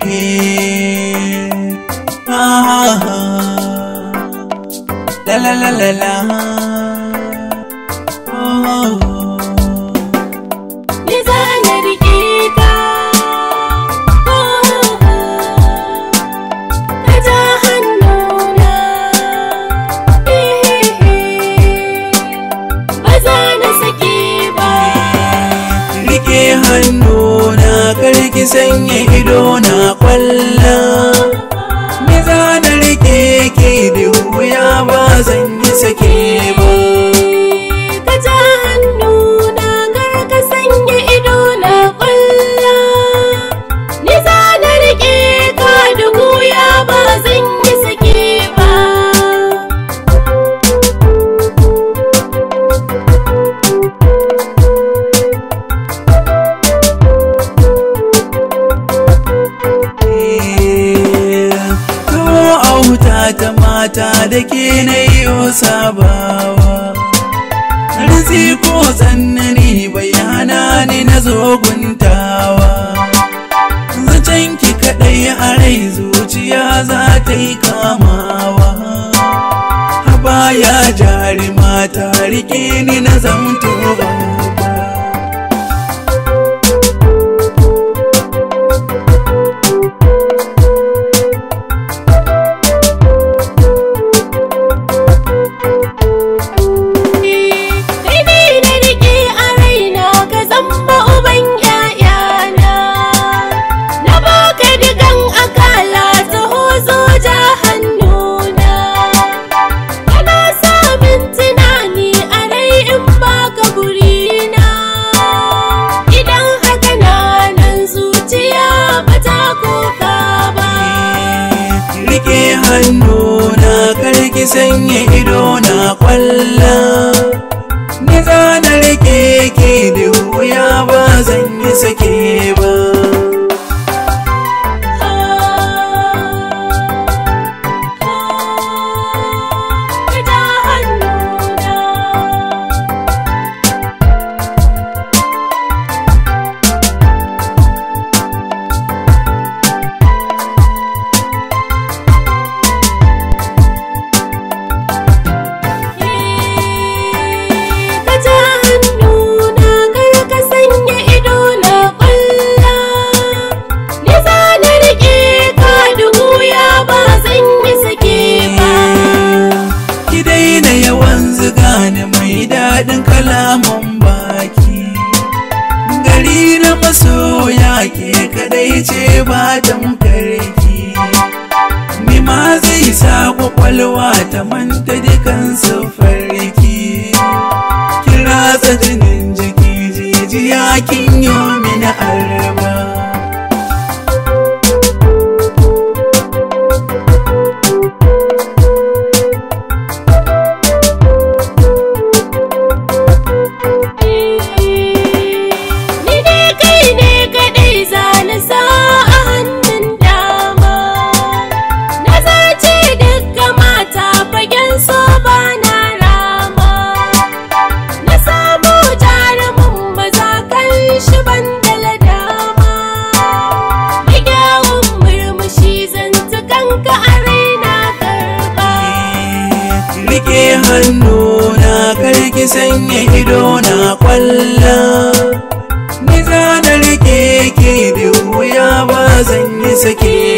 Eh, ah, ah, la la la la la. Oh. hannuna karki sanya ido na kwalla me za na rike da ba zan ta da ke na yi sabawa Rizi ko tsannani bayana ne na zoguntawa ki kaɗai a rai zuciya za ta yi kamawa haba ya jari mata rike ni na zamtowa sanya ido na kwallon kai ce ba tamkarki ni ma zai sa kwakwalwa ta manta dukan farki kira sa jinin jiki jijiya kin yi rike hannu na karki sanya ido na kwalla ni za na rike ki da ya ba zan yi sake